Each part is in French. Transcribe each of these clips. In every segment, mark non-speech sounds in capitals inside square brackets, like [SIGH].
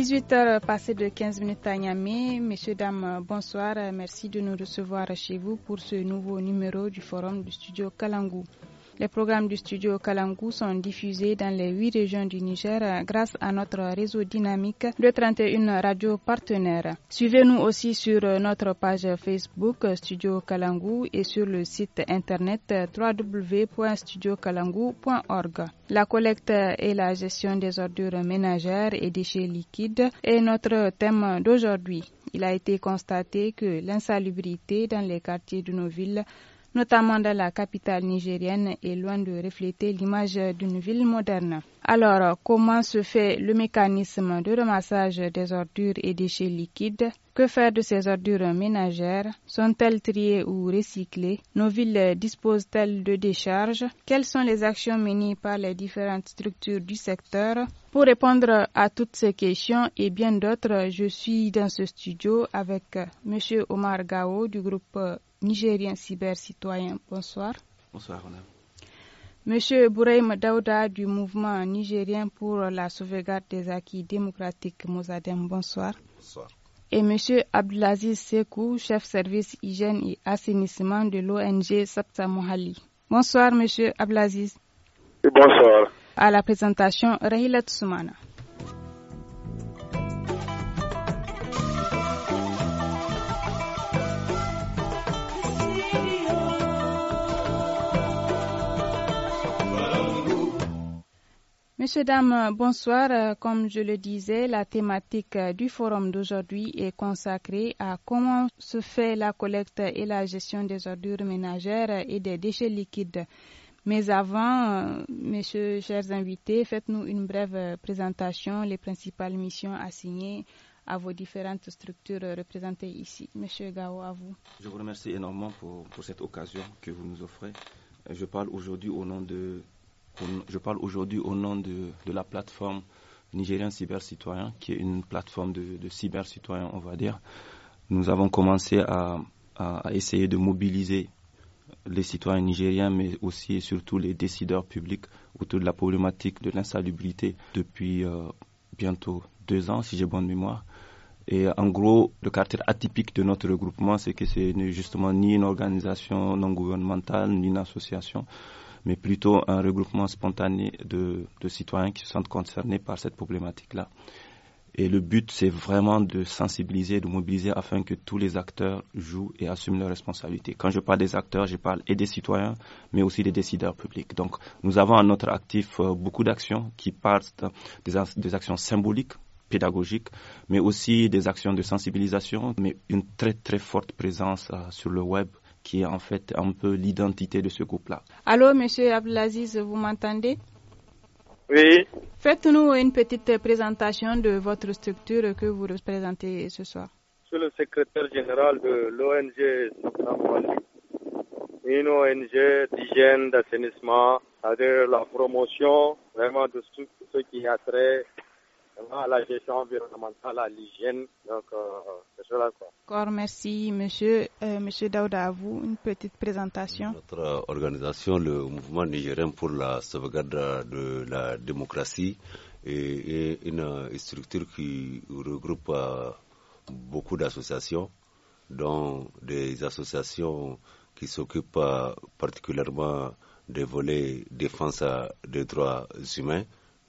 18h passées de 15 minutes à Niamey. Messieurs, dames, bonsoir. Merci de nous recevoir chez vous pour ce nouveau numéro du forum du studio Kalangou. Les programmes du studio Kalangu sont diffusés dans les huit régions du Niger grâce à notre réseau dynamique de 31 radios partenaires. Suivez-nous aussi sur notre page Facebook Studio Kalangu et sur le site internet www.studiokalangu.org. La collecte et la gestion des ordures ménagères et déchets liquides est notre thème d'aujourd'hui. Il a été constaté que l'insalubrité dans les quartiers de nos villes notamment dans la capitale nigérienne, est loin de refléter l'image d'une ville moderne. Alors, comment se fait le mécanisme de ramassage des ordures et déchets liquides Que faire de ces ordures ménagères Sont-elles triées ou recyclées Nos villes disposent-elles de décharges Quelles sont les actions menées par les différentes structures du secteur Pour répondre à toutes ces questions et bien d'autres, je suis dans ce studio avec M. Omar Gao du groupe Nigérien cyber-citoyen. Bonsoir. Bonsoir, madame. Monsieur Bouraïm Daouda du mouvement nigérien pour la sauvegarde des acquis démocratiques Mozadem, bonsoir. Bonsoir. Et Monsieur Abdelaziz Sekou, chef service hygiène et assainissement de l'ONG Sapta Mohali. Bonsoir Monsieur Abdelaziz. bonsoir. À la présentation, Rahila Soumana. Monsieur, dames, bonsoir. Comme je le disais, la thématique euh, du forum d'aujourd'hui est consacrée à comment se fait la collecte et la gestion des ordures ménagères et des déchets liquides. Mais avant, euh, messieurs, chers invités, faites-nous une brève euh, présentation, les principales missions assignées à vos différentes structures représentées ici. Monsieur Gao, à vous. Je vous remercie énormément pour cette occasion que vous nous offrez. Je parle aujourd'hui au nom de je parle aujourd'hui au nom de, la plateforme Nigérien Cyber Citoyen, qui est une plateforme de, cyber citoyen, on va dire. Nous avons commencé à, essayer de mobiliser les citoyens nigériens, mais aussi et surtout les décideurs publics autour de la problématique de l'insalubrité depuis euh, bientôt deux ans, si j'ai bonne mémoire. Et en gros, le caractère atypique de notre regroupement, c'est que c'est justement ni une organisation non gouvernementale, ni une association mais plutôt un regroupement spontané de, de citoyens qui se sentent concernés par cette problématique-là. Et le but, c'est vraiment de sensibiliser, de mobiliser afin que tous les acteurs jouent et assument leurs responsabilités. Quand je parle des acteurs, je parle et des citoyens, mais aussi des décideurs publics. Donc, nous avons à notre actif euh, beaucoup d'actions qui partent des, des actions symboliques pédagogiques, mais aussi des actions de sensibilisation, mais une très très forte présence euh, sur le web qui est en fait un peu l'identité de ce groupe-là. Allô, monsieur Abdelaziz, vous m'entendez Oui. Faites-nous une petite présentation de votre structure que vous représentez ce soir. Je suis le secrétaire général de l'ONG une ONG d'hygiène, d'assainissement, c'est-à-dire la promotion vraiment de ce qui a trait à la gestion environnementale, à l'hygiène. Donc, euh, cela. Encore merci, monsieur, euh, monsieur Daouda, à vous. Une petite présentation. Notre organisation, le Mouvement nigérien pour la sauvegarde de la démocratie, est, une structure qui regroupe euh, beaucoup d'associations, dont des associations qui s'occupent particulièrement des volets défense des droits humains,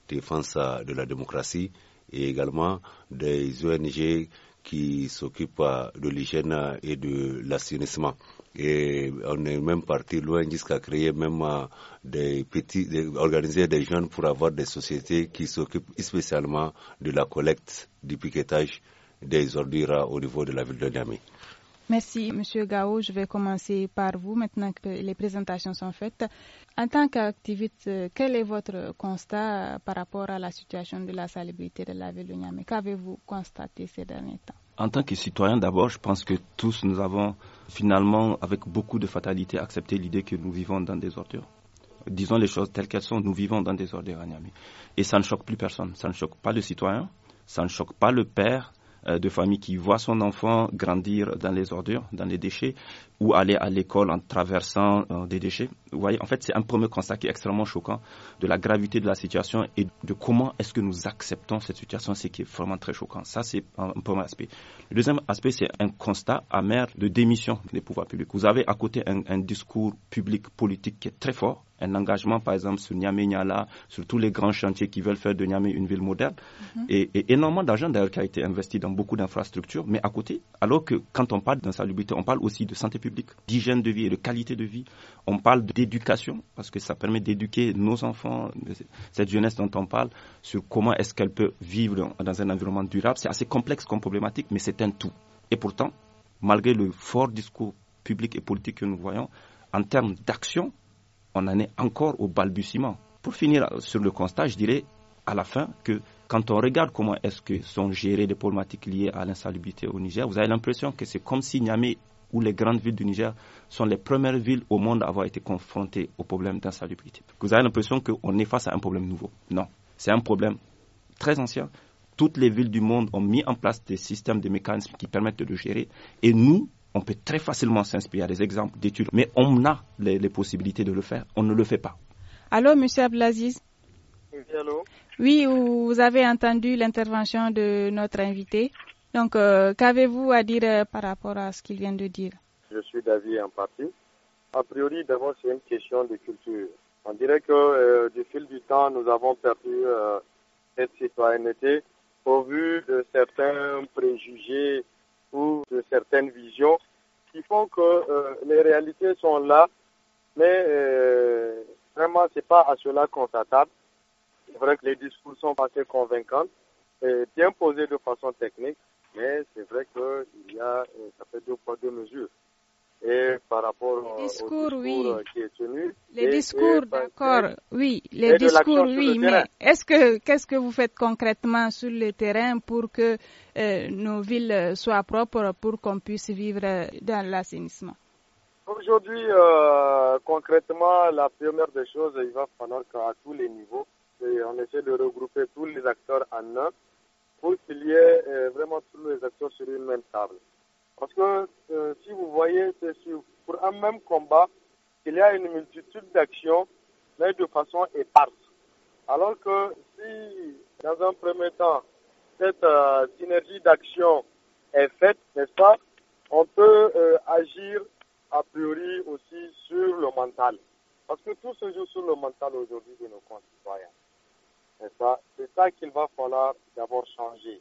défense de la démocratie, et également des ONG qui s'occupent euh, de l'hygiène et de l'assainissement. Et on est même parti loin jusqu'à créer même euh, des petits, des, organiser des jeunes pour avoir des sociétés qui s'occupent spécialement de la collecte, du piquetage des ordures euh, au niveau de la ville de Niamey. Merci, Monsieur Gao. Je vais commencer par vous maintenant que les présentations sont faites. En tant qu'activiste, euh, quel est votre constat euh, par rapport à la situation de la salubrité de la ville de Niamey Qu'avez-vous constaté ces derniers temps En tant que citoyen, d'abord, je pense que tous nous avons finalement, avec beaucoup de fatalité, accepté l'idée que nous vivons dans des ordures. Disons les choses telles qu'elles sont, nous vivons dans des ordures à Niamey. Et ça ne choque plus personne. Ça ne choque pas le citoyen, ça ne choque pas le père, euh, de famille qui voit son enfant grandir dans les ordures, dans les déchets, ou aller à l'école en traversant euh, des déchets. Vous voyez, en fait, c'est un premier constat qui est extrêmement choquant de la gravité de la situation et de comment est-ce que nous acceptons cette situation, ce qui est vraiment très choquant. Ça, c'est un, premier aspect. Le deuxième aspect, c'est un constat amer de démission des pouvoirs publics. Vous avez à côté un, discours public politique qui est très fort, un engagement, par exemple, sur Niamey-Niala, sur tous les grands chantiers qui veulent faire de Niamey une ville moderne, mm-hmm. et, et, énormément d'argent d'ailleurs qui a été investi dans beaucoup d'infrastructures, mais à côté, alors que quand on parle d'insalubrité, on parle aussi de santé publique d'hygiène de vie et de qualité de vie. On parle d'éducation parce que ça permet d'éduquer nos enfants, cette jeunesse dont on parle, sur comment est-ce qu'elle peut vivre dans un environnement durable. C'est assez complexe comme problématique, mais c'est un tout. Et pourtant, malgré le fort discours public et politique que nous voyons, en termes d'action, on en est encore au balbutiement. Pour finir sur le constat, je dirais à la fin que quand on regarde comment est-ce que sont gérées les problématiques liées à l'insalubrité au Niger, vous avez l'impression que c'est comme si Niamey où les grandes villes du Niger sont les premières villes au monde à avoir été confrontées au problème d'insalubrité. Vous avez l'impression qu'on est face à un problème nouveau. Non, c'est un problème très ancien. Toutes les villes du monde ont mis en place des systèmes, des mécanismes qui permettent de le gérer. Et nous, on peut très facilement s'inspirer des exemples d'études, mais on a les, possibilités de le faire. On ne le fait pas. Allô, Monsieur Ablaziz. Oui, vous avez entendu l'intervention de notre invité. Donc, euh, qu'avez-vous à dire euh, par rapport à ce qu'il vient de dire Je suis d'avis en partie. A priori, d'abord, c'est une question de culture. On dirait que euh, du fil du temps, nous avons perdu cette citoyenneté au vu de certains préjugés ou de certaines visions qui font que les réalités sont là, mais euh, vraiment, c'est pas à cela qu'on s'attarde. C'est vrai que les discours sont assez convaincants, et bien posés de façon technique, mais c'est vrai que il y a, euh, ça fait deux poids, de mesures. Et par rapport au discours euh, qui est tenu. Les discours, d'accord, oui, les discours, oui, mais est-ce que, qu'est-ce que vous faites concrètement sur le terrain pour que euh, nos villes soient propres pour qu'on puisse vivre dans l'assainissement? Aujourd'hui, concrètement, la première des choses, il va falloir qu'à tous les niveaux, on essaie de regrouper tous les acteurs en un faut qu'il y ait euh, vraiment tous les acteurs sur une même table. Parce que euh, si vous voyez, c'est pour un même combat il y a une multitude d'actions, mais de façon éparse. Alors que si, dans un premier temps, cette euh, synergie d'action est faite, n'est-ce pas, on peut agir a priori aussi sur le mental. Parce que tout se joue sur le mental aujourd'hui de nos concitoyens. C'est ça, c'est ça qu'il va falloir d'abord changer.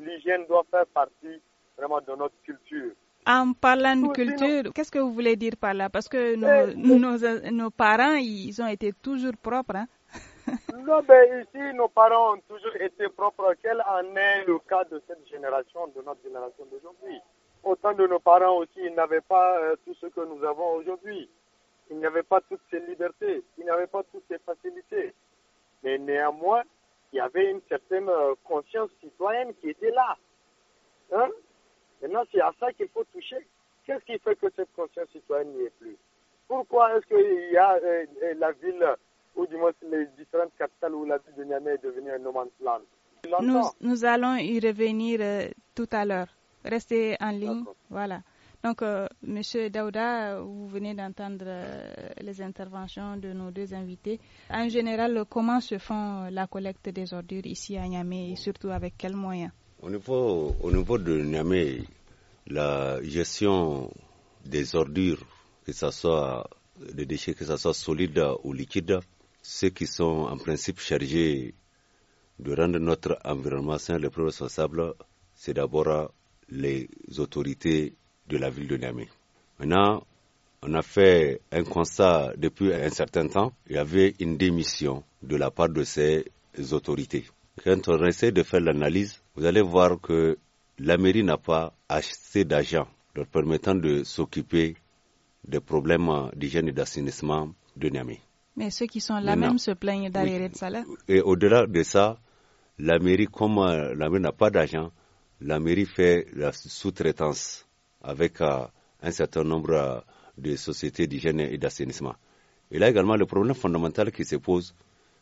L'hygiène doit faire partie vraiment de notre culture. En parlant de culture, qu'est-ce que vous voulez dire par là Parce que nos, eh, nos, parents, ils ont été toujours propres. Hein. [LAUGHS] non, mais ben, ici, nos parents ont toujours été propres. Quel en est le cas de cette génération, de notre génération d'aujourd'hui Autant de nos parents aussi, ils n'avaient pas euh, tout ce que nous avons aujourd'hui. Ils n'avaient pas toutes ces libertés, ils n'avaient pas toutes ces facilités. Mais néanmoins, il y avait une certaine euh, conscience citoyenne qui était là. Hein? Maintenant, c'est à ça qu'il faut toucher. Qu'est-ce qui fait que cette conscience citoyenne n'y est plus Pourquoi est-ce qu'il y a euh, euh, la ville, ou du moins les différentes capitales où la ville de Niamey est devenue un no man's land nous, nous, allons y revenir tout à l'heure. Restez en ligne. Voilà. Donc, euh, Monsieur Daouda, vous venez d'entendre euh, les interventions de nos deux invités. En général, comment se font la collecte des ordures ici à Niamey et surtout avec quels moyens au niveau, de Niamey, la gestion des ordures, que ce soit des déchets, que ce soit solides ou liquides, ceux qui sont en principe chargés de rendre notre environnement sain le plus responsable, c'est d'abord les autorités de la ville de Niamey. Maintenant, on a fait un constat depuis un certain temps. Il y avait une démission de la part de ces autorités. Quand on essaie de faire l'analyse, vous allez voir que la mairie n'a pas acheté d'agents leur permettant de s'occuper des problèmes d'hygiène et d'assainissement de Niamey. Mais ceux qui sont là même se plaignent d'arriérés de salaire. Et au-delà de ça, la mairie, comme la mairie n'a pas d'agents, la mairie fait la sous-traitance avec euh, un certain nombre euh, de sociétés d'hygiène et d'assainissement. Et là également, le problème fondamental qui se pose,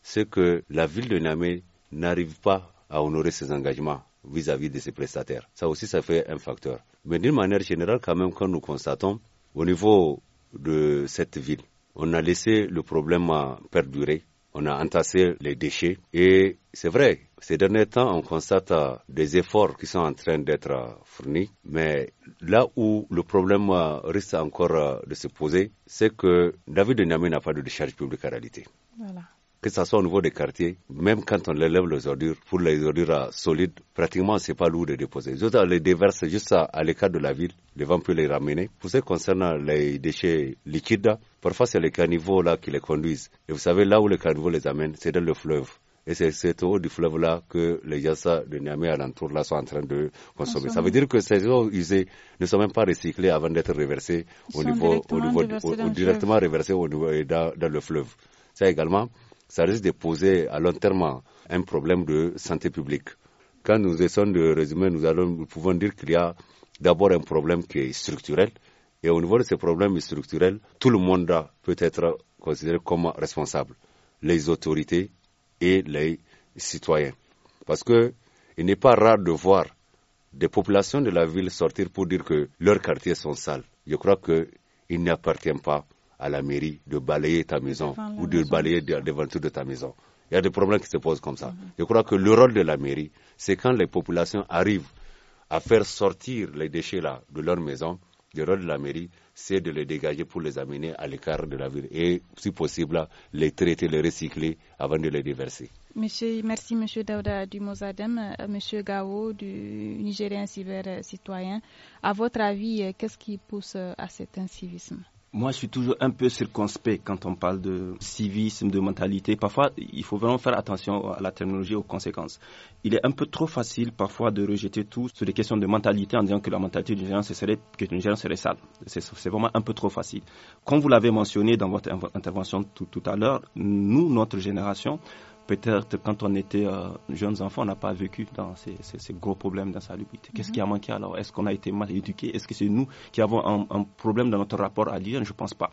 c'est que la ville de Namé n'arrive pas à honorer ses engagements vis-à-vis -vis de ses prestataires. Ça aussi, ça fait un facteur. Mais d'une manière générale, quand même, quand nous constatons, au niveau de cette ville, on a laissé le problème euh, perdurer on a entassé les déchets et c'est vrai, ces derniers temps, on constate euh, des efforts qui sont en train d'être euh, fournis, mais là où le problème euh, risque encore de se poser, c'est que David de n'a pas de décharge publique en réalité. que ce soit au niveau des quartiers, même quand on élève les ordures, pour les ordures solides, pratiquement c'est pas lourd de déposer. Les autres les déverse juste à, l'écart de la ville, les vents peuvent les ramener. Pour ce qui concerne les déchets liquides, Parfois, c'est les caniveaux là qui les conduisent. Et vous savez, là où les caniveaux les amènent, c'est dans le fleuve. Et c'est cette eau du fleuve-là que les Yassa de Niamey à là sont en train de consommer. Ça veut dire que ces eaux usées ne sont même pas recyclées avant d'être reversées au niveau, au niveau, directement reversées au niveau, dans, dans, le fleuve. Ça également, ça risque de poser à long terme un problème de santé publique. Quand nous essayons de résumer, nous, allons, nous pouvons dire qu'il y a d'abord un problème qui est structurel, et au niveau de ces problèmes structurels, tout le monde peut être considéré comme responsable, les autorités et les citoyens. Parce que il n'est pas rare de voir des populations de la ville sortir pour dire que leurs quartiers sont sales. Je crois qu'il n'appartient pas à la mairie de balayer ta maison ou de balayer devant de ta maison. Il y a des problèmes qui se posent comme ça. Mhm. Je crois que le rôle de la mairie, c'est quand les populations arrivent à faire sortir les déchets de leur maison, le rôle de la mairie, c'est de les dégager pour les amener à l'écart de la ville et, si possible, les traiter, les recycler avant de les déverser. Monsieur, merci, Monsieur Daouda Dumozadem. Euh, Monsieur Gao du Nigérien Cyber Citoyen, à votre avis, euh, qu'est-ce qui pousse euh, à cet incivisme moi, je suis toujours un peu circonspect quand on parle de civisme, de mentalité. Parfois, il faut vraiment faire attention à la terminologie, aux conséquences. Il est un peu trop facile parfois de rejeter tout sur des questions de mentalité en disant que la mentalité d'une gérance serait, que sale. C'est vraiment un peu trop facile. Comme vous l'avez mentionné dans votre intervention tout à l'heure, nous, notre génération, peut-être quand on était euh, jeunes enfants, on n'a pas vécu dans ces, gros problèmes gros problèmes d'insalubrité. Qu'est-ce mhm. qui a manqué alors Est-ce qu'on a été mal éduqué Est-ce que c'est nous qui avons un, problème dans notre rapport à l'hygiène Je ne pense pas.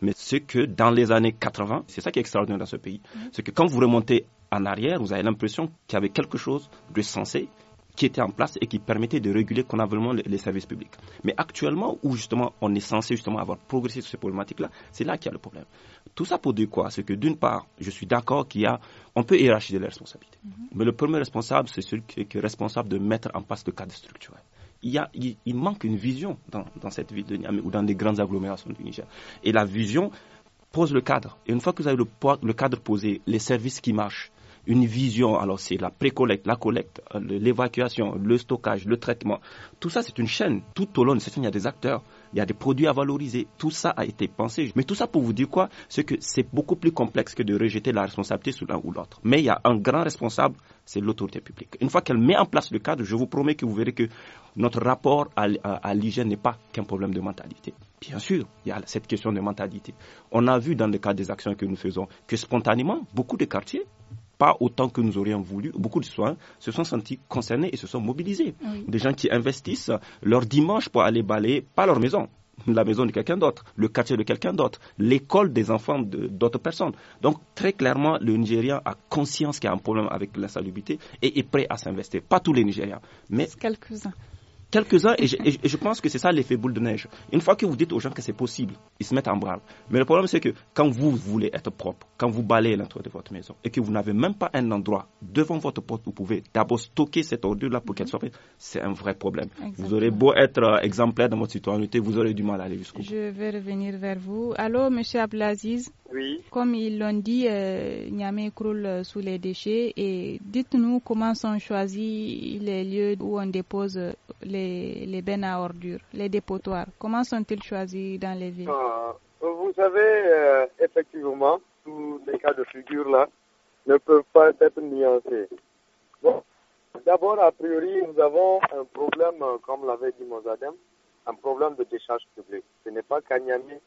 Mais ce que dans les années 80, c'est ça qui est extraordinaire dans ce pays, mhm. c'est que quand vous remontez en arrière, vous avez l'impression qu'il y avait quelque chose de sensé qui était en place et qui permettait de réguler convenablement les, services publics. Mais actuellement, où justement on est censé justement avoir progressé sur ces problématiques-là, c'est là, qu'il y a le problème. Tout ça pour dire quoi C'est que d'une part, je suis d'accord qu'il y a, on peut hiérarchiser les responsabilités. Mm-hmm. Mais le premier responsable, c'est celui qui est responsable de mettre en place le cadre structurel. Il, y a, il, manque une vision dans, cette ville de Niamey ou dans des grandes agglomérations du Niger. Et la vision pose le cadre. Et une fois que vous avez le cadre posé, les services qui marchent, une vision. Alors c'est la précollecte, la collecte, euh, l'évacuation, le stockage, le traitement. Tout ça, c'est une chaîne. Tout au long de cette chaîne, il y a des acteurs, il y a des produits à valoriser. Tout ça a été pensé. Mais tout ça pour vous dire quoi C'est que c'est beaucoup plus complexe que de rejeter la responsabilité sur l'un ou l'autre. Mais il y a un grand responsable, c'est l'autorité publique. Une fois qu'elle met en place le cadre, je vous promets que vous verrez que notre rapport à, l'hygiène n'est pas qu'un problème de mentalité. Bien sûr, il y a cette question de mentalité. On a vu dans le cadre des actions que nous faisons que spontanément, beaucoup de quartiers pas autant que nous aurions voulu, beaucoup de soins se sont sentis concernés et se sont mobilisés. Ah des gens qui investissent leur dimanche pour aller balayer, pas leur maison, la maison de quelqu'un d'autre, le quartier de quelqu'un d'autre, l'école des enfants d'autres personnes. Donc très clairement, le Nigérian a conscience qu'il y a un problème avec la l'insalubrité et est prêt à s'investir. Pas tous les Nigériens, mais quelques-uns. Quelques-uns, et, je pense que c'est ça l'effet boule de neige. Une fois que vous dites aux gens que c'est possible, ils se mettent en branle. Mais le problème, c'est que quand vous voulez être propre, quand vous balayez l'entrée de votre maison et que vous n'avez même pas un endroit devant votre porte où vous pouvez d'abord stocker cette ordure-là pour qu'elle soit prête, c'est un vrai problème. Vous aurez beau être euh, exemplaire dans votre citoyenneté, vous aurez du mal à aller jusqu'au bout. Je vais revenir vers vous. Allô, monsieur Ablaziz. Comme ils l'ont dit, euh, Niamey croule euh, sous les déchets. Et dites-nous comment sont choisis les lieux où on dépose euh, les, les bennes à ordures, les dépotoirs. Comment sont-ils choisis dans les villes ah, Vous savez, effectivement, tous les cas de figure là ne peuvent pas être nuancés. d'abord, a priori, nous avons un problème, comme l'avait dit Mozadem, un problème de décharge publique. Ce n'est pas qu'à Niamey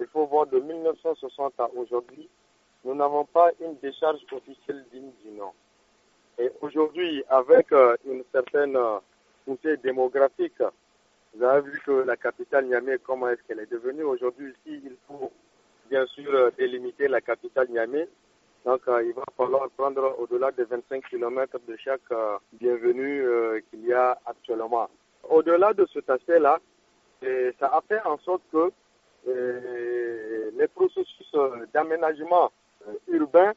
il faut voir de 1960 à aujourd'hui, nous n'avons pas une décharge officielle digne du nom. Et aujourd'hui, avec euh, une certaine poussée euh, démographique, vous avez vu que la capitale Niamey, comment est-ce qu'elle est devenue aujourd'hui ici, il faut bien sûr euh, délimiter la capitale Niamey. Donc il va falloir prendre au-delà des 25 km de chaque bienvenue qu'il y a actuellement. Au-delà de cet aspect-là, ça a fait en sorte que euh, les processus euh, d'aménagement euh, urbain,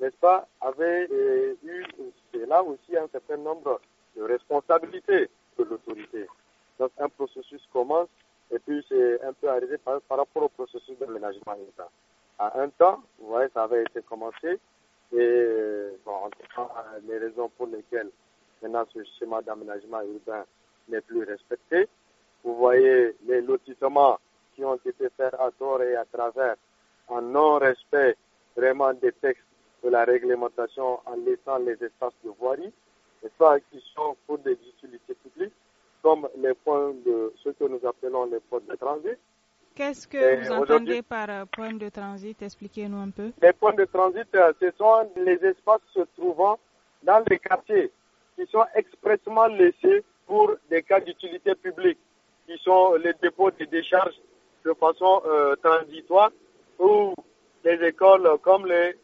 n'est-ce pas, avaient eu là aussi un certain nombre de responsabilités de l'autorité. Donc un processus commence et puis c'est un peu arrêté par, rapport au processus d'aménagement urbain. À un temps, vous voyez, ça avait été commencé et bon, les raisons pour lesquelles maintenant ce schéma d'aménagement urbain n'est plus respecté. Vous voyez les lotissements ont été faits à tort et à travers, en non-respect vraiment des textes de la réglementation, en laissant les espaces de voirie, et ça qui sont pour des utilités publiques, comme les points de ce que nous appelons les points de transit. Qu'est-ce que vous entendez par euh, point de transit Expliquez-nous un peu. Les points de transit, euh, ce sont les espaces se trouvant dans les quartiers qui sont expressement laissés pour des cas d'utilité publique, qui sont les dépôts de décharges de façon euh, transitoire ou des écoles comme les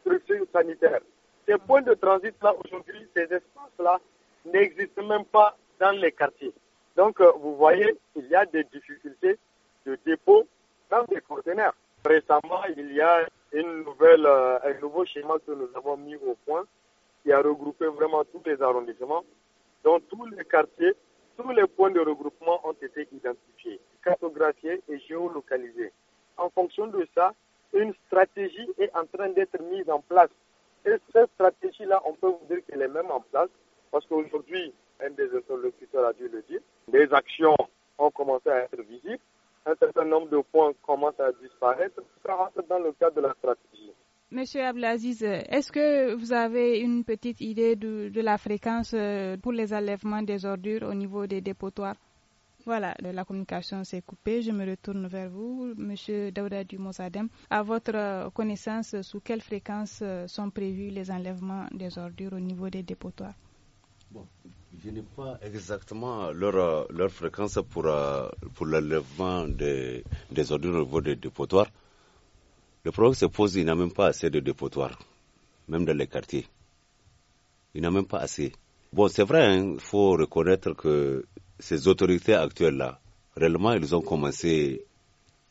structures sanitaires. Ces points de transit-là, aujourd'hui, ces espaces-là n'existent même pas dans les quartiers. Donc, euh, vous voyez, il y a des difficultés de dépôt dans des conteneurs. Récemment, il y a une nouvelle, euh, un nouveau schéma que nous avons mis au point qui a regroupé vraiment tous les arrondissements, dont tous les quartiers, tous les points de regroupement ont été identifiés cartographiés et géolocalisée. En fonction de ça, une stratégie est en train d'être mise en place. Et cette stratégie-là, on peut vous dire qu'elle est même en place, parce qu'aujourd'hui, un des interlocuteurs a dû le dire, des actions ont commencé à être visibles, un certain nombre de points commencent à disparaître, ça rentre dans le cadre de la stratégie. Monsieur Ablaziz, est-ce que vous avez une petite idée de, de la fréquence euh, pour les enlèvements des ordures au niveau des dépotoirs voilà, la communication s'est coupée. Je me retourne vers vous, Monsieur Daouda Dumozadem. À votre euh, connaissance, sous quelle fréquence euh, sont prévus les enlèvements des ordures au niveau des dépotoirs bon, Je n'ai pas exactement leur, euh, leur fréquence pour, pour l'enlèvement des, ordures au niveau des dépotoirs. Le problème se pose, il n'y a même pas assez de dépotoirs, même dans les quartiers. Il n'y a même pas assez. Bon, c'est vrai, il hein, faut reconnaître que ces autorités actuelles-là, réellement, elles ont commencé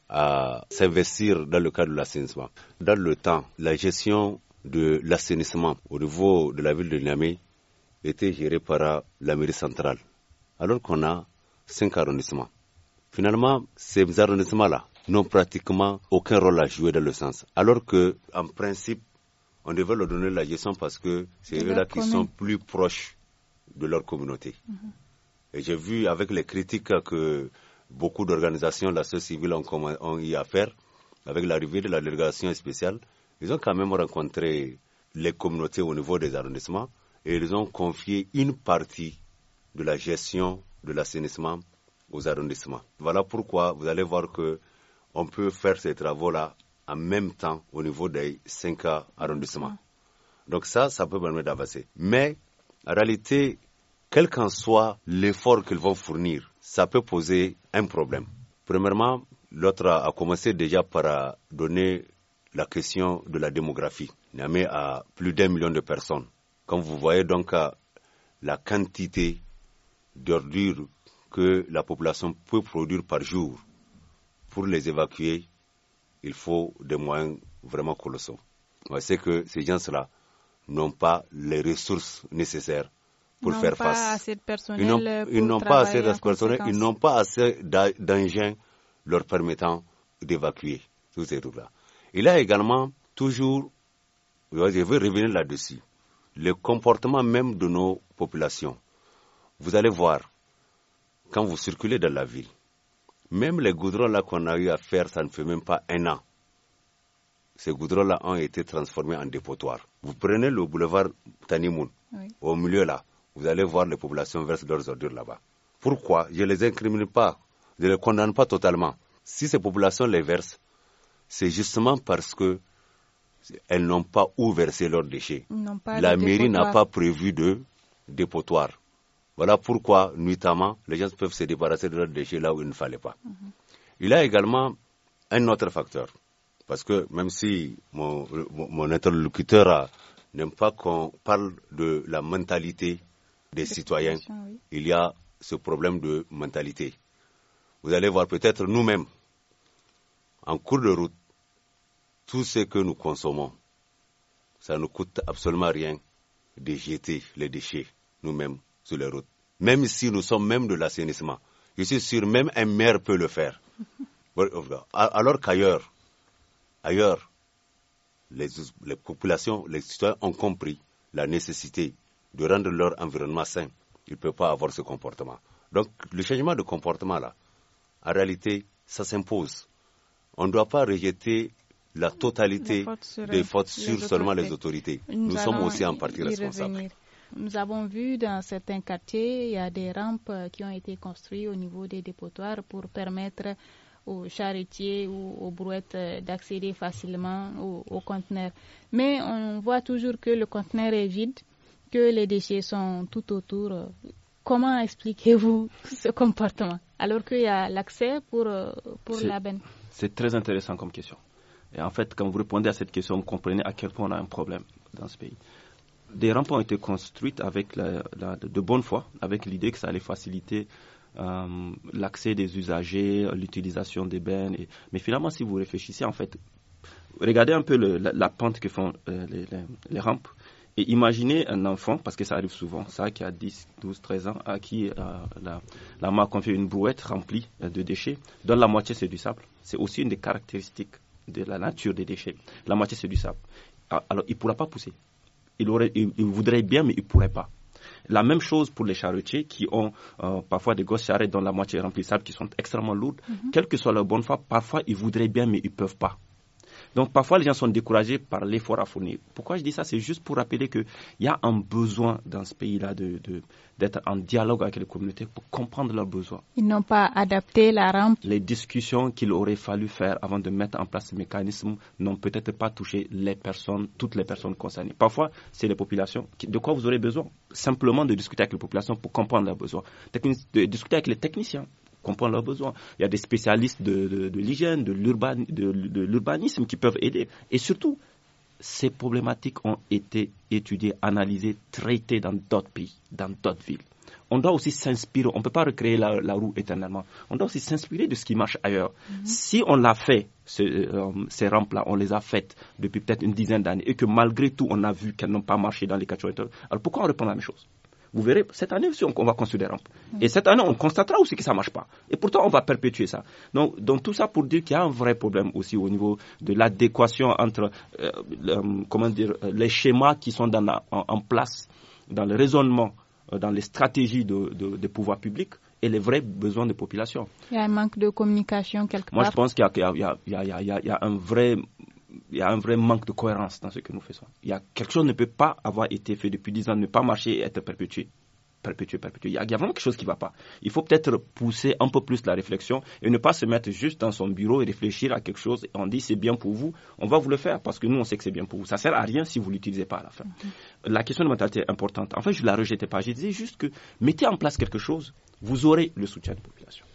à s'investir dans le cadre de l'assainissement. Dans le temps, la gestion de l'assainissement au niveau de la ville de Niamey était gérée par la mairie centrale, alors qu'on a cinq arrondissements. Finalement, ces arrondissements-là n'ont pratiquement aucun rôle à jouer dans le sens, alors que, en principe, on devait leur donner la gestion parce que c'est eux-là qui sont plus proches de leur communauté. Mhm. Et j'ai vu avec les critiques que beaucoup d'organisations de la société civile ont, ont eu à faire, avec l'arrivée de la délégation spéciale, ils ont quand même rencontré les communautés au niveau des arrondissements et ils ont confié une partie de la gestion de l'assainissement aux arrondissements. Voilà pourquoi vous allez voir que on peut faire ces travaux-là en même temps au niveau des cinq arrondissements. Donc ça, ça peut permettre d'avancer. Mais en réalité, quel qu'en soit l'effort qu'ils vont fournir, ça peut poser un problème. Premièrement, l'autre a commencé déjà par euh, donner la question de la démographie. Niamey a plus d'un million de personnes. Comme vous voyez donc euh, la quantité d'ordures que la population peut produire par jour, pour les évacuer, il faut des moyens vraiment colossaux. On sait que ces gens-là n'ont pas les ressources nécessaires pour ils faire face. Ils n'ont pas assez de personnel, ils n'ont pas assez d'engins leur permettant d'évacuer tous ces trucs-là. Il y a également toujours, je veux revenir là-dessus, le comportement même de nos populations. Vous allez voir, quand vous circulez dans la ville, même les goudrons-là qu'on a eu à faire, ça ne fait même pas un an. Ces goudrons-là ont été transformés en dépotoirs. Vous prenez le boulevard Tanimoun, au milieu là, vous allez voir les populations versent leurs ordures là-bas. Pourquoi Je ne les incrimine pas, je ne les condamne pas totalement. Si ces populations les versent, c'est justement parce que elles n'ont pas où verser leurs déchets. La mairie n'a pas prévu de dépotoir. Voilà pourquoi, nuitamment, les gens peuvent se débarrasser de leurs déchets là où il ne fallait pas. Mhm. Il y a également un autre facteur. Parce que même si mon, mon interlocuteur euh, n'aime pas qu'on parle de la mentalité des citoyens, il y a ce problème de mentalité. Vous allez voir peut-être nous-mêmes, en cours de route, tout ce que nous consommons, ça ne coûte absolument rien de jeter les déchets nous-mêmes sur les routes. Même si nous sommes même de l'assainissement. Je suis sûr, même un maire peut le faire. [LAUGHS] Alors qu'ailleurs, ailleurs, les populations, les citoyens ont compris la nécessité de rendre leur environnement sain, ils ne peuvent pas avoir ce comportement. Donc le changement de comportement, là, en réalité, ça s'impose. On ne doit pas rejeter la totalité des fautes sur, seulement les autorités. Nous, sommes aussi en partie responsables. Nous avons vu dans certains quartiers, il y a des rampes euh, qui ont été construites au niveau des dépotoirs pour permettre aux charretiers ou aux brouettes euh, d'accéder facilement aux conteneurs. Mais on voit toujours que le conteneur est vide que les déchets sont tout autour. Euh, comment expliquez-vous [LAUGHS] ce comportement alors qu'il y a l'accès pour, euh, pour la benne C'est très intéressant comme question. Et en fait, quand vous répondez à cette question, vous comprenez à quel point on a un problème dans ce pays. Des rampes ont été construites avec de bonne foi, avec l'idée que ça allait faciliter euh, l'accès des usagers, l'utilisation des bennes. Mais finalement, si vous réfléchissez, en fait, regardez un peu la, pente que font les, rampes. Et imaginez un enfant, parce que ça arrive souvent, ça qui a 10, 12, 13 ans, à qui euh, la, la mère confie une brouette remplie euh, de déchets, dont la moitié c'est du sable. C'est aussi une des caractéristiques de la nature des déchets. La moitié c'est du sable. Alors il ne pourra pas pousser. Il, aurait, voudrait bien, mais il ne pourrait pas. La même chose pour les charretiers qui ont euh, parfois des grosses charrettes dont la moitié est remplie de sable qui sont extrêmement lourdes. Mhm. Quelle que soit leur bonne foi, parfois ils voudraient bien mais ils ne peuvent pas. Donc parfois les gens sont découragés par l'effort à fournir. Pourquoi je dis ça C'est juste pour rappeler qu'il y a un besoin dans ce pays-là d'être en dialogue avec les communautés pour comprendre leurs besoins. Ils n'ont pas adapté la rampe. Les discussions qu'il aurait fallu faire avant de mettre en place ce mécanisme n'ont peut-être pas touché les personnes, toutes les personnes concernées. Parfois, c'est les populations. De quoi vous aurez besoin Simplement de discuter avec les populations pour comprendre leurs besoins. De discuter avec les techniciens comprendre leurs besoins. Il y a des spécialistes de, l'hygiène, de, l'urbanisme qui peuvent aider. Et surtout, ces problématiques ont été étudiées, analysées, traitées dans d'autres pays, dans d'autres villes. On doit aussi s'inspirer, on ne peut pas recréer la, roue éternellement, on doit aussi s'inspirer de ce qui marche ailleurs. Mhm. Si on l'a fait, euh, ces rampes-là, on les a faites depuis peut-être une dizaine d'années, et que malgré tout, on a vu qu'elles n'ont pas marché dans les heures. alors pourquoi on reprend la même chose vous verrez, cette année aussi, on, va considérer. des rampes. Et cette année, on constatera aussi que ça ne marche pas. Et pourtant, on va perpétuer ça. Donc, donc tout ça pour dire qu'il y a un vrai problème aussi au niveau de l'adéquation entre euh, comment dire, les schémas qui sont en, place, dans le raisonnement, euh, dans les stratégies de, de, des pouvoirs publics et les vrais besoins des populations. Il y a un manque de communication quelque part. Moi, je pense qu'il y, y, a un vrai il y a un vrai manque de cohérence dans ce que nous faisons. Il y a quelque chose ne peut pas avoir été fait depuis 10 ans, ne pas marcher et être perpétué. Perpétué, perpétué. Il y a vraiment quelque chose qui ne va pas. Il faut peut-être pousser un peu plus la réflexion et ne pas se mettre juste dans son bureau et réfléchir à quelque chose. Et on dit c'est bien pour vous, on va vous le faire parce que nous on sait que c'est bien pour vous. Ça ne sert à rien si vous ne l'utilisez pas à la fin. La question de mentalité est importante. En fait, je ne la rejetais pas. Je disais juste que mettez en place quelque chose, vous aurez le soutien de la population.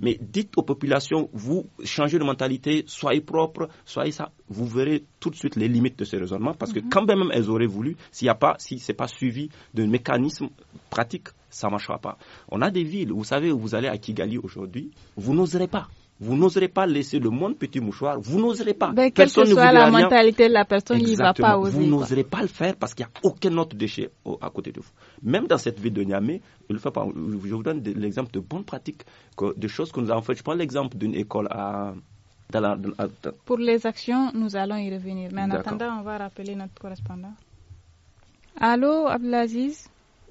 Mais dites aux populations, vous changez de mentalité, soyez propre, soyez ça. Vous verrez tout de suite les limites de ces raisonnements. parce que mhm. quand même elles auraient voulu, s'il n'y a pas, si c'est pas suivi d'un mécanisme pratique ça ne marchera pas. On a des villes, vous savez, où vous allez à Kigali aujourd'hui, vous n'oserez pas. Vous n'oserez pas laisser le monde petit mouchoir. Vous n'oserez pas. Ben, quelle que soit la mentalité de la personne, il ne va pas oser. Vous n'oserez pas le faire parce qu'il n'y a aucun autre déchet à côté de vous. Même dans cette ville de Niamey, je vous donne l'exemple de bonnes pratiques, de choses que nous avons faites. Je prends l'exemple d'une école à, Pour les actions, nous allons y revenir. Mais en attendant, on va rappeler notre correspondant. Allô, Abdelaziz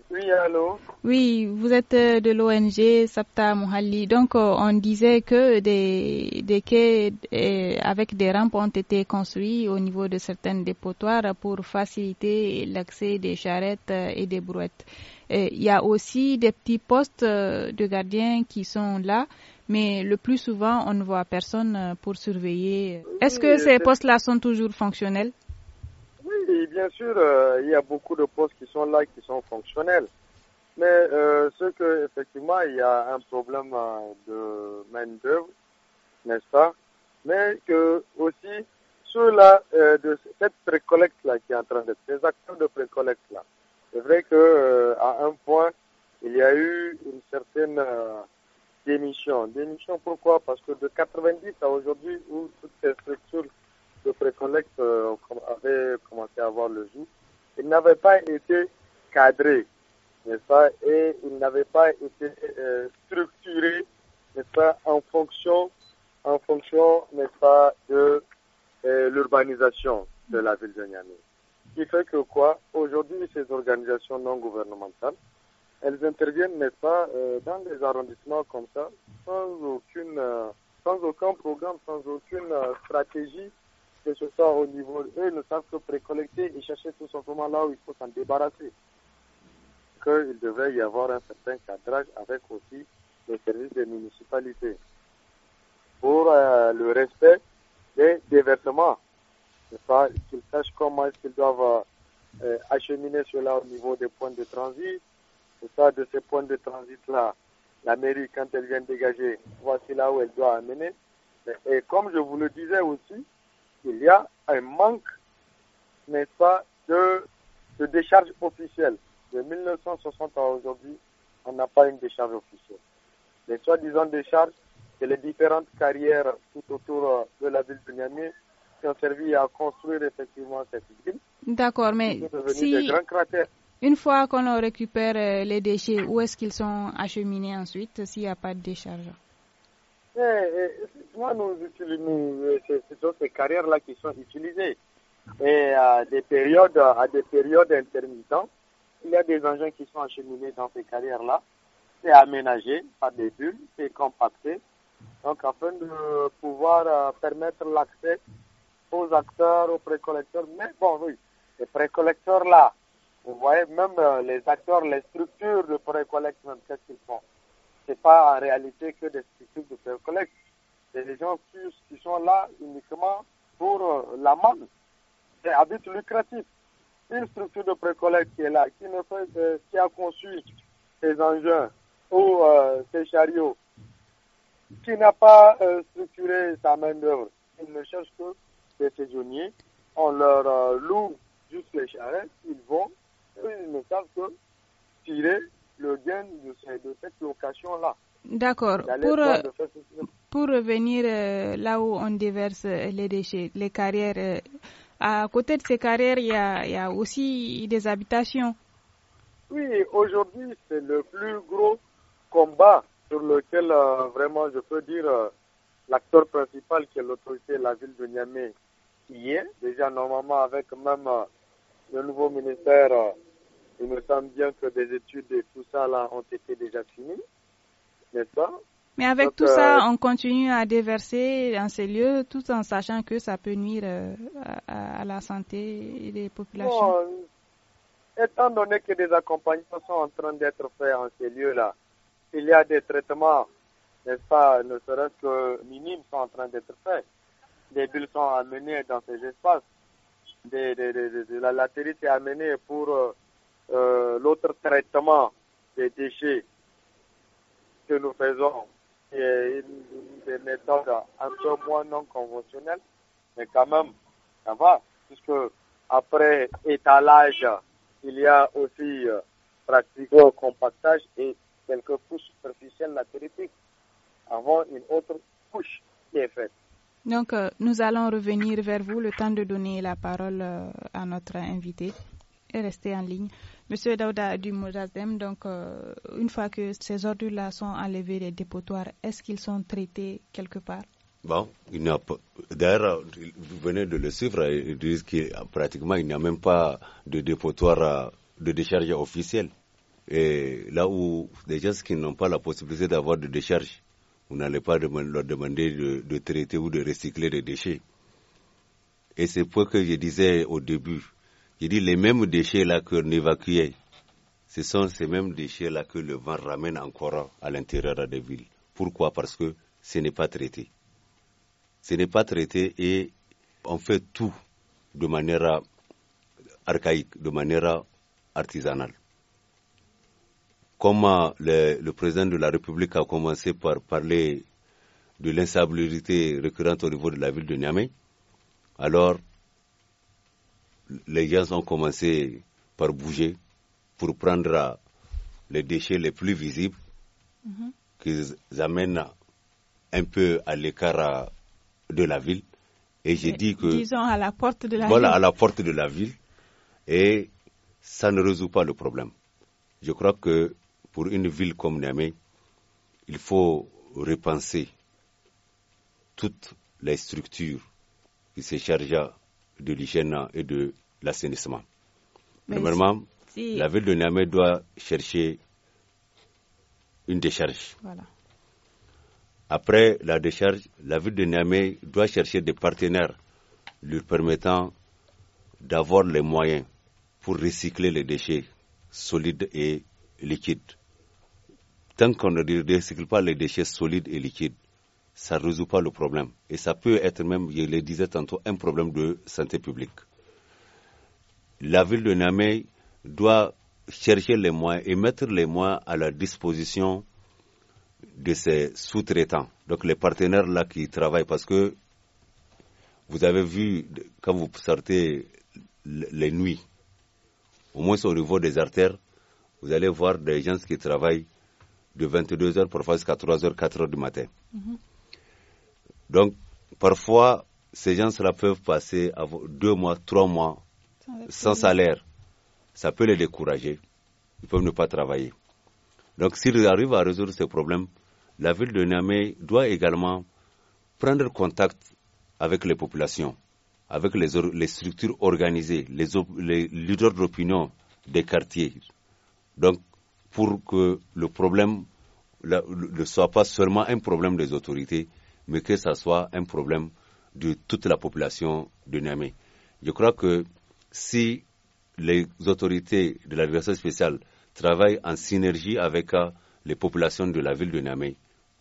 oui, allô. Oui, vous êtes euh, de l'ONG Sapta Mouhalli. Donc, euh, on disait que des, des quais euh, avec des rampes ont été construits au niveau de certains dépotoirs pour faciliter l'accès des charrettes et des brouettes. Il y a aussi des petits postes de gardiens qui sont là, mais le plus souvent, on ne voit personne pour surveiller. Est-ce que ces postes-là sont toujours fonctionnels? Oui, bien sûr, euh, il y a beaucoup de postes qui sont là, qui sont fonctionnels. Mais euh, ce que effectivement, il y a un problème euh, de main d'œuvre, n'est-ce pas Mais que aussi ceux euh, de cette précollecte là qui est en train d'être, ces acteurs de précollecte là. C'est vrai que à un point, il y a eu une certaine démission. Démission pourquoi Parce que de 90 à aujourd'hui, où toutes ces structures le précollecte euh, avait commencé à avoir le jour, il n'avait pas été cadré, n'est-ce pas, et il n'avait pas été euh, structuré, nest pas, en fonction, en fonction, nest pas, de euh, l'urbanisation de la ville de Niamey. Ce qui fait que quoi, aujourd'hui, ces organisations non gouvernementales, elles interviennent, n'est-ce pas, dans des arrondissements comme ça, sans aucune, sans aucun programme, sans aucune stratégie que ce soit au niveau, eux ne savent que précollecter et chercher tout simplement là où il faut s'en débarrasser. Qu'il devait y avoir un certain cadrage avec aussi le service des municipalités pour euh, le respect des déversements. Qu'ils sachent comment est-ce qu'ils doivent euh, acheminer cela au niveau des points de transit. C'est ça, de ces points de transit-là, la mairie, quand elle vient dégager, voici là où elle doit amener. Et comme je vous le disais aussi, il y a un manque, nest pas, de, décharge officielle. De 1960 à aujourd'hui, on n'a pas une décharge officielle. Les soi-disant décharges, c'est les différentes carrières tout autour euh, de la ville de Niamey qui ont servi à construire effectivement cette ville. D'accord, mais si une fois qu'on récupère euh, les déchets, où est-ce qu'ils sont acheminés ensuite s'il n'y a pas de décharge eh, eh, moi, nous, nous euh, c'est dans ces carrières-là qui sont utilisées. Et à des périodes, à des périodes intermittentes, il y a des engins qui sont acheminés dans ces carrières-là. C'est aménagé par des bulles, c'est compacté. Donc, afin de pouvoir euh, permettre l'accès aux acteurs, aux précollecteurs. Mais bon, oui, les précollecteurs-là, vous voyez, même euh, les acteurs, les structures de précollecte, qu'est-ce qu'ils font c'est pas en réalité que des structures de précollecte C'est des gens qui, sont là uniquement pour euh, la manne. C'est à but lucratif. Une structure de précollecte qui est là, qui, ne fait, qui a conçu ses engins ou euh, ses chariots, qui n'a pas euh, structuré sa main-d'œuvre, ils ne cherchent que des saisonniers. On leur loue juste les charrettes, ils vont, ils ne savent que tirer le gain de, cette location-là. D'accord. Pour, euh, pour revenir euh, là où on déverse euh, les déchets, les carrières, à côté de ces carrières, il y a, aussi des habitations. Oui, aujourd'hui, c'est le plus gros combat sur lequel vraiment je peux dire l'acteur principal qui est l'autorité, la ville de Niamey, qui est déjà normalement avec même le nouveau ministère il me semble bien que des études et tout ça là ont été déjà finies, n'est-ce pas Mais avec tout ça, euh, on continue à déverser dans ces lieux, tout en sachant que ça peut nuire euh, à, la santé des populations. Bon, euh, étant donné que des accompagnements sont en train d'être faits en ces lieux-là, il y a des traitements, n'est-ce pas, ne serait-ce que minimes, sont en train d'être faits. Des bulles sont amenées dans ces espaces. Des, des, la, la est amenée pour euh, l'autre traitement des déchets que nous faisons est une, méthode un peu moins non conventionnelle, mais quand même, ça va, puisque après étalage, il y a aussi euh, pratiquement compactage et quelques couches superficielles naturelles avant une autre couche qui est faite. Donc, euh, nous allons revenir vers vous le temps de donner la parole euh, à notre invité est resté en ligne. Monsieur Daouda du donc euh, une fois que ces ordures-là sont enlevées des dépotoirs, est-ce qu'ils sont traités quelque part Bon, il n'y pas. D'ailleurs, vous venez de le suivre, ils disent qu'il il n'y a même pas de dépotoir euh, de décharge officiel. Et là où des gens qui n'ont pas la possibilité d'avoir de décharge, vous n'allez pas leur demander de, traiter ou de recycler des déchets. Et c'est pour que je disais au début, je dis les mêmes déchets là que évacuait. Ce sont ces mêmes déchets là que le vent ramène encore à l'intérieur des villes. Pourquoi Parce que ce n'est pas traité. Ce n'est pas traité et on fait tout de manière archaïque, de manière artisanale. Comme le, président de la République a commencé par parler de l'instabilité récurrente au niveau de la ville de Niamey, alors les gens ont commencé par bouger pour prendre euh, les déchets les plus visibles qui mhm. qu'ils amènent un peu à l'écart euh, de la ville. Et j'ai dit que. Disons à la porte de la ville. Voilà, à la porte de la ville. Et ça ne résout pas le problème. Je crois que pour une ville comme Niamey, il faut repenser toutes les structures qui se chargent de l'hygiène et de l'assainissement. Premièrement, la ville de Niamey doit chercher une décharge. Après la décharge, la ville de Niamey doit chercher des partenaires lui permettant d'avoir les moyens pour recycler les déchets solides et liquides. Tant qu'on ne recycle pas les déchets solides et liquides, ça ne résout pas le problème. Et ça peut être même, je le disais tantôt, un problème de santé publique. La ville de Namé doit chercher les moyens et mettre les moyens à la disposition de ses sous-traitants, donc les partenaires là qui travaillent, parce que vous avez vu, quand vous sortez les nuits, au moins au niveau des artères, vous allez voir des gens qui travaillent de 22h, parfois jusqu'à 3h, 4h du matin. Mm-hmm. Donc, parfois, ces gens-là peuvent passer deux mois, trois mois sans salaire. Ça peut les décourager. Ils peuvent ne pas travailler. Donc, s'ils arrivent à résoudre ces problèmes, la ville de Niamey doit également prendre contact avec les populations, avec les, structures organisées, les, les leaders d'opinion des quartiers. Donc, pour que le problème ne soit pas seulement un problème des autorités, mais que ça soit un problème de toute la population de Niamey. Je crois que si les autorités de la diversité spéciale travaillent en synergie avec euh, les populations de la ville de Niamey,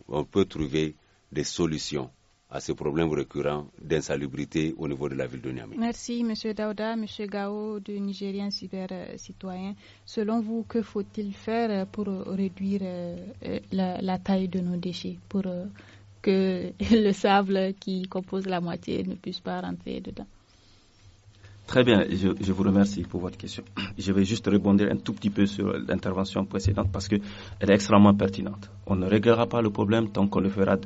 on peut trouver des solutions à ces problèmes récurrents d'insalubrité au niveau de la ville de Niamey. Merci, M. Daouda, M. Gao du Nigérien Cyber euh, Citoyen. Selon vous, que faut-il faire euh, pour réduire la, la, taille de nos déchets, pour que [LAUGHS] le sable qui compose la moitié ne puisse pas rentrer dedans. Très bien, je, vous remercie pour votre question. [CLEARS THROAT] Je vais juste rebondir un tout petit peu sur l'intervention précédente parce qu'elle est extrêmement pertinente. On ne réglera pas le problème tant qu'on le fera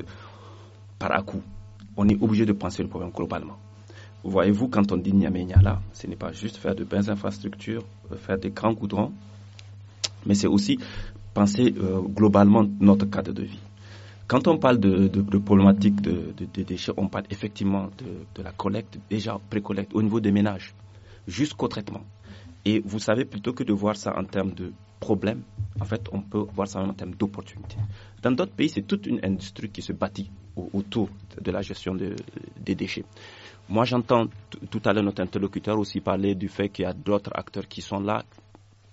par à coup. On est obligé de penser le problème globalement. Vous Voyez-vous, quand on dit Niamey Niala, ce n'est pas juste faire de belles infrastructures, euh, faire des grands goudrons, mais c'est aussi penser euh, globalement notre cadre de vie. Quand on parle de, de, de problématique de, déchets, on parle effectivement de, la collecte, déjà pré-collecte, au niveau des ménages, jusqu'au traitement. Et vous savez, plutôt que de voir ça en termes de problème, en fait, on peut voir ça en termes d'opportunité. Dans d'autres pays, c'est toute une industrie qui se bâtit autour de la gestion des déchets. Moi, j'entends tout à l'heure notre interlocuteur aussi parler du fait qu'il y a d'autres acteurs qui sont là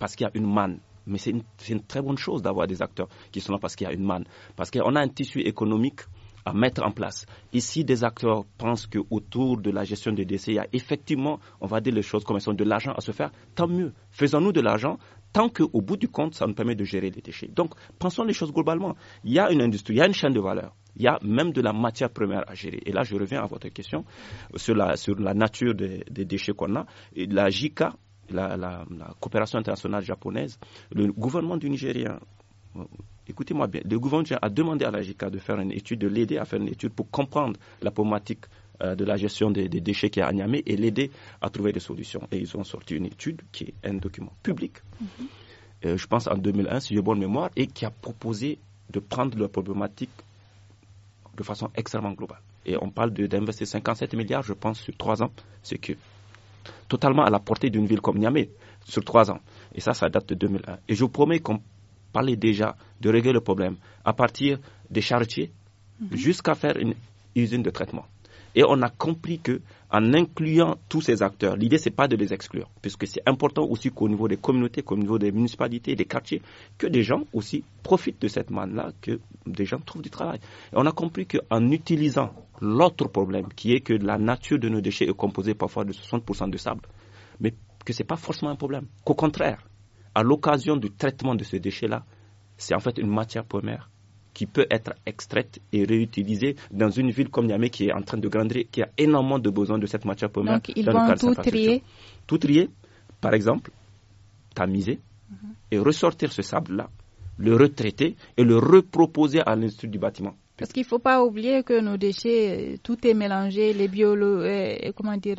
parce qu'il y a une manne mais c'est une, une, très bonne chose d'avoir des acteurs qui sont là parce qu'il y a une manne, parce qu'on a un tissu économique à mettre en place. Ici, des acteurs pensent qu'autour de la gestion des déchets, il y a effectivement, on va dire les choses comme elles sont, de l'argent à se faire. Tant mieux. Faisons-nous de l'argent tant qu'au bout du compte, ça nous permet de gérer les déchets. Donc, pensons les choses globalement. Il y a une industrie, il y a une chaîne de valeur, il y a même de la matière première à gérer. Et là, je reviens à votre question sur la, sur la nature des, déchets qu'on a. Et la JICA la, coopération internationale japonaise, le gouvernement du Nigeria euh, écoutez-moi bien, le gouvernement a demandé à la JICA de faire une étude, de l'aider à faire une étude pour comprendre la problématique euh, de la gestion des, déchets qui est à et l'aider à trouver des solutions. Et ils ont sorti une étude qui est un document public, mm-hmm. euh, je pense en 2001, si j'ai bonne mémoire, et qui a proposé de prendre la problématique de façon extrêmement globale. Et on parle d'investir 57 milliards, je pense, sur trois ans, ce que totalement à la portée d'une ville comme Niamey sur trois ans. Et ça, ça date de 2001. Et je vous promets qu'on parlait déjà de régler le problème à partir des charretiers mhm. jusqu'à faire une usine de traitement. Et on a compris que en incluant tous ces acteurs, l'idée n'est pas de les exclure, puisque c'est important aussi qu'au niveau des communautés, qu'au niveau des municipalités, des quartiers, que des gens aussi profitent de cette manne-là, que des gens trouvent du travail. Et on a compris qu'en utilisant l'autre problème qui est que la nature de nos déchets est composée parfois de 60% de sable, mais que ce n'est pas forcément un problème, qu'au contraire, à l'occasion du traitement de ce déchet-là, c'est en fait une matière première qui peut être extraite et réutilisée dans une ville comme Niamey qui est en train de grandir, qui a énormément de besoins de cette matière première. Donc ils vont tout trier Tout trier, par exemple, tamiser mhm. et ressortir ce sable-là, le retraiter et le reproposer à l'Institut du bâtiment. Parce qu'il ne faut pas oublier que nos déchets, euh, tout est mélangé, les biolo, euh, euh, comment dire,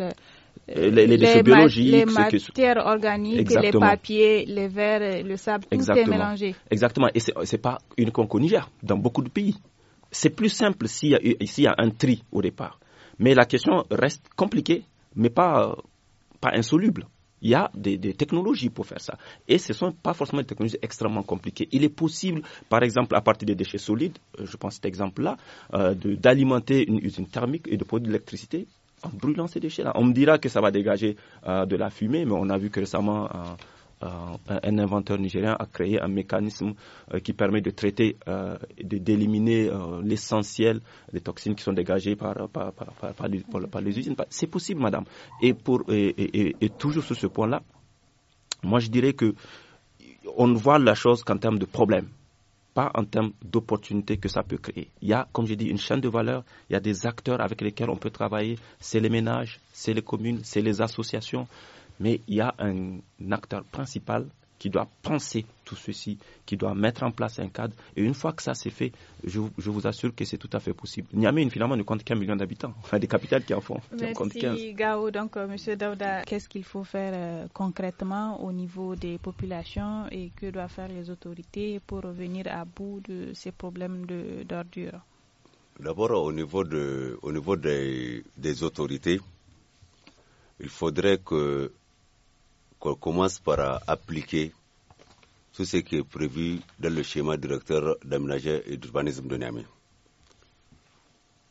les, biologiques, les matières organiques, les papiers, les verres, le sable, tout est mélangé. Exactement, et ce n'est pas une conconigère dans beaucoup de pays. C'est plus simple s'il y, a un tri au départ. Mais la question reste compliquée, mais pas, pas insoluble. Il y a des, des, technologies pour faire ça. Et ce ne sont pas forcément des technologies extrêmement compliquées. Il est possible, par exemple, à partir des déchets solides, euh, je pense cet exemple-là, euh, d'alimenter une usine thermique et de produire de l'électricité en brûlant ces déchets-là. On me dira que ça va dégager euh, de la fumée, mais on a vu que récemment, euh, euh, un inventeur nigérien a créé un mécanisme euh, qui permet de traiter, euh, d'éliminer l'essentiel des toxines qui sont dégagées par, par, par, par les, usines. Bah, c'est possible, madame. Et, pour, et, toujours sur ce point-là, moi je dirais que on voit la chose qu'en termes de problème pas en termes d'opportunités que ça peut créer. Il y a, comme je dis, une chaîne de valeur, il y a des acteurs avec lesquels on peut travailler, c'est les ménages, c'est les communes, c'est les associations, mais il y a un acteur principal qui doit penser tout ceci, qui doit mettre en place un cadre. Et une fois que ça c'est fait, je, vous assure que c'est tout à fait possible. Niamey, finalement, ne compte qu'un million d'habitants. Enfin, des capitales qui en font. Merci, Gao. Donc, euh, Monsieur qu'est-ce qu'il faut faire euh, concrètement au niveau des populations et que doivent faire les autorités pour revenir à bout de ces problèmes d'ordures D'abord, au niveau, de, au niveau des autorités, il faudrait que qu'on commence par appliquer tout ce qui est prévu dans le schéma directeur d'aménagement et d'urbanisme de Niamey.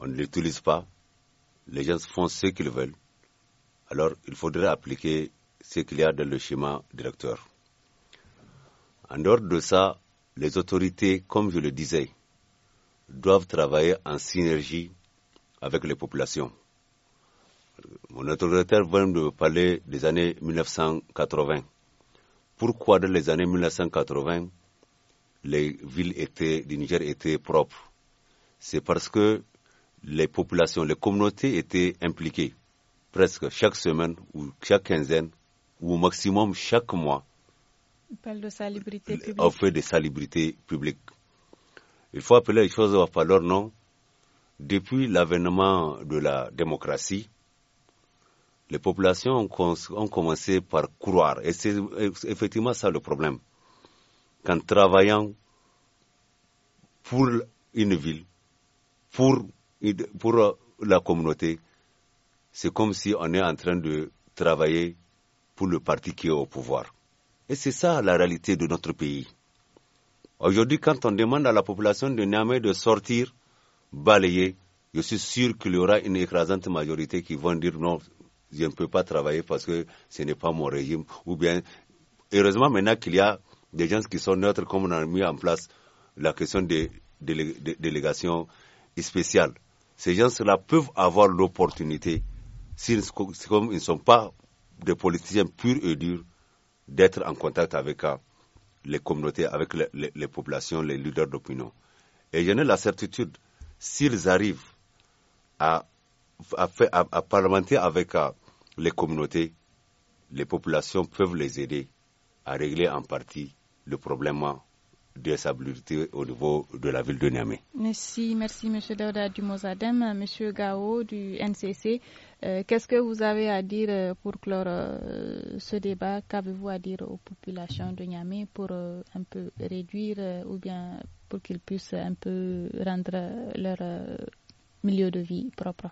On ne l'utilise pas, les gens font ce qu'ils veulent, alors il faudrait appliquer ce qu'il y a dans le schéma directeur. En dehors de ça, les autorités, comme je le disais, doivent travailler en synergie avec les populations. Euh, mon autoritaire vient de parler des années 1980. Pourquoi dans les années 1980, les villes étaient, du Niger étaient propres C'est parce que les populations, les communautés étaient impliquées. Presque chaque semaine ou chaque quinzaine ou au maximum chaque mois. On parle de salubrité publique. fait des salubrités publiques. Il faut appeler les choses par leur nom. Depuis l'avènement de la démocratie, les populations ont, commencé par croire. Et c'est effectivement ça le problème. Qu'en travaillant pour une ville, pour, euh, la communauté, c'est comme si on est en train de travailler pour le parti qui est au pouvoir. Et c'est ça la réalité de notre pays. Aujourd'hui, quand on demande à la population de Niamey de sortir, balayer, je suis sûr qu'il y aura une écrasante majorité qui vont dire non, je ne peux pas travailler parce que ce n'est pas mon régime. Ou bien, heureusement maintenant qu'il y a des gens qui sont neutres, comme on a mis en place la question des, délégations spéciales. Ces gens-là peuvent avoir l'opportunité, s'ils comme ils ne sont pas des politiciens purs et durs, d'être en contact avec euh, les communautés, avec les, populations, les leaders d'opinion. Et j'en ai la certitude, s'ils arrivent à à, parlementer avec un euh, les communautés, les populations peuvent les aider à régler en partie le problème de stabilité au niveau de la ville de Niamey. Merci, merci M. Dauda du Mozadem, M. Gao du NCC. Euh, qu'est-ce que vous avez à dire euh, pour clore euh, ce débat Qu'avez-vous à dire aux populations de Niamey pour un peu réduire ou bien pour qu'ils puissent un peu rendre leur milieu de vie propre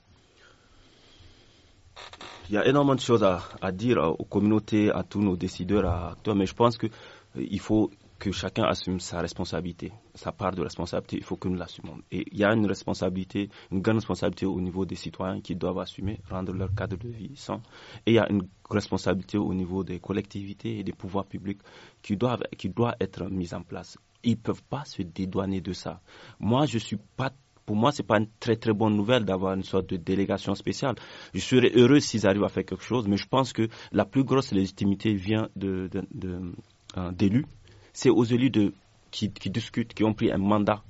il y a énormément de choses à, dire aux communautés, à tous nos décideurs, à toi, mais je pense qu'il euh, faut que chacun assume sa responsabilité, sa part de responsabilité, il faut que nous l'assumions. Et il y a une responsabilité, une grande responsabilité au niveau des citoyens qui doivent assumer, rendre leur cadre de vie sans. Et il y a une responsabilité au niveau des collectivités et des pouvoirs publics qui doivent, qui doivent être mis en place. Ils ne peuvent pas se dédouaner de ça. Moi, je ne suis pas pour moi, ce n'est pas une très très bonne nouvelle d'avoir une sorte de délégation spéciale. Je serais heureux s'ils arrivent à faire quelque chose, mais je pense que la plus grosse légitimité vient d'élus. Euh, c'est aux élus qui, discutent, qui ont pris un mandat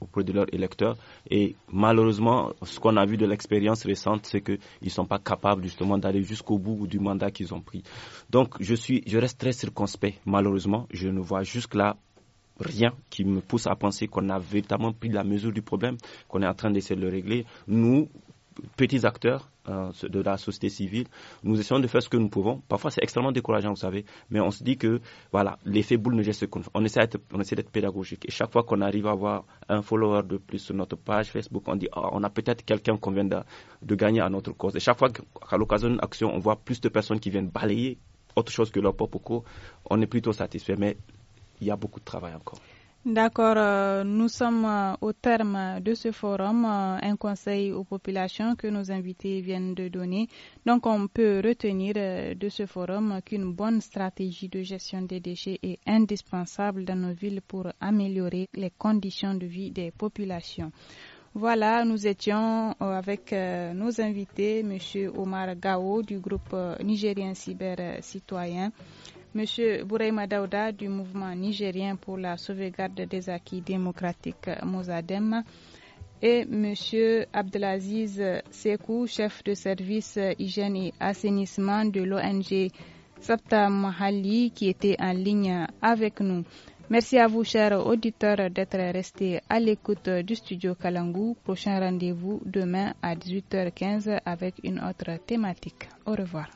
auprès de leurs électeurs. Et malheureusement, ce qu'on a vu de l'expérience récente, c'est qu'ils ne sont pas capables justement d'aller jusqu'au bout du mandat qu'ils ont pris. Donc, je, je reste très circonspect, malheureusement. Je ne vois jusque-là rien qui me pousse à penser qu'on a véritablement pris la mesure du problème, qu'on est en train d'essayer de le régler. Nous, petits acteurs euh, de la société civile, nous essayons de faire ce que nous pouvons. Parfois, c'est extrêmement décourageant, vous savez, mais on se dit que voilà, l'effet boule ne gère ce qu'on fait. On essaie d'être pédagogique. Et chaque fois qu'on arrive à avoir un follower de plus sur notre page Facebook, on dit ah, on a peut-être quelqu'un qu'on vient de, de, gagner à notre cause. Et chaque fois qu'à l'occasion d'une action, on voit plus de personnes qui viennent balayer autre chose que leur propre cours, on est plutôt satisfait. Mais il y a beaucoup de travail encore. D'accord, euh, nous sommes euh, au terme de ce forum, euh, un conseil aux populations que nos invités viennent de donner. Donc on peut retenir de ce forum qu'une bonne stratégie de gestion des déchets est indispensable dans nos villes pour améliorer les conditions de vie des populations. Voilà, nous étions avec nos invités, M. Omar Gao du groupe nigérien cyber citoyen. Monsieur Bouraïma Daouda du mouvement nigérien pour la sauvegarde des acquis démocratiques Mozadem et Monsieur Abdelaziz Sekou, chef de service hygiène et assainissement de l'ONG Sapta Mahali, qui était en ligne avec nous. Merci à vous, chers auditeurs, d'être restés à l'écoute du studio Kalangou. Prochain rendez-vous demain à 18h15 avec une autre thématique. Au revoir.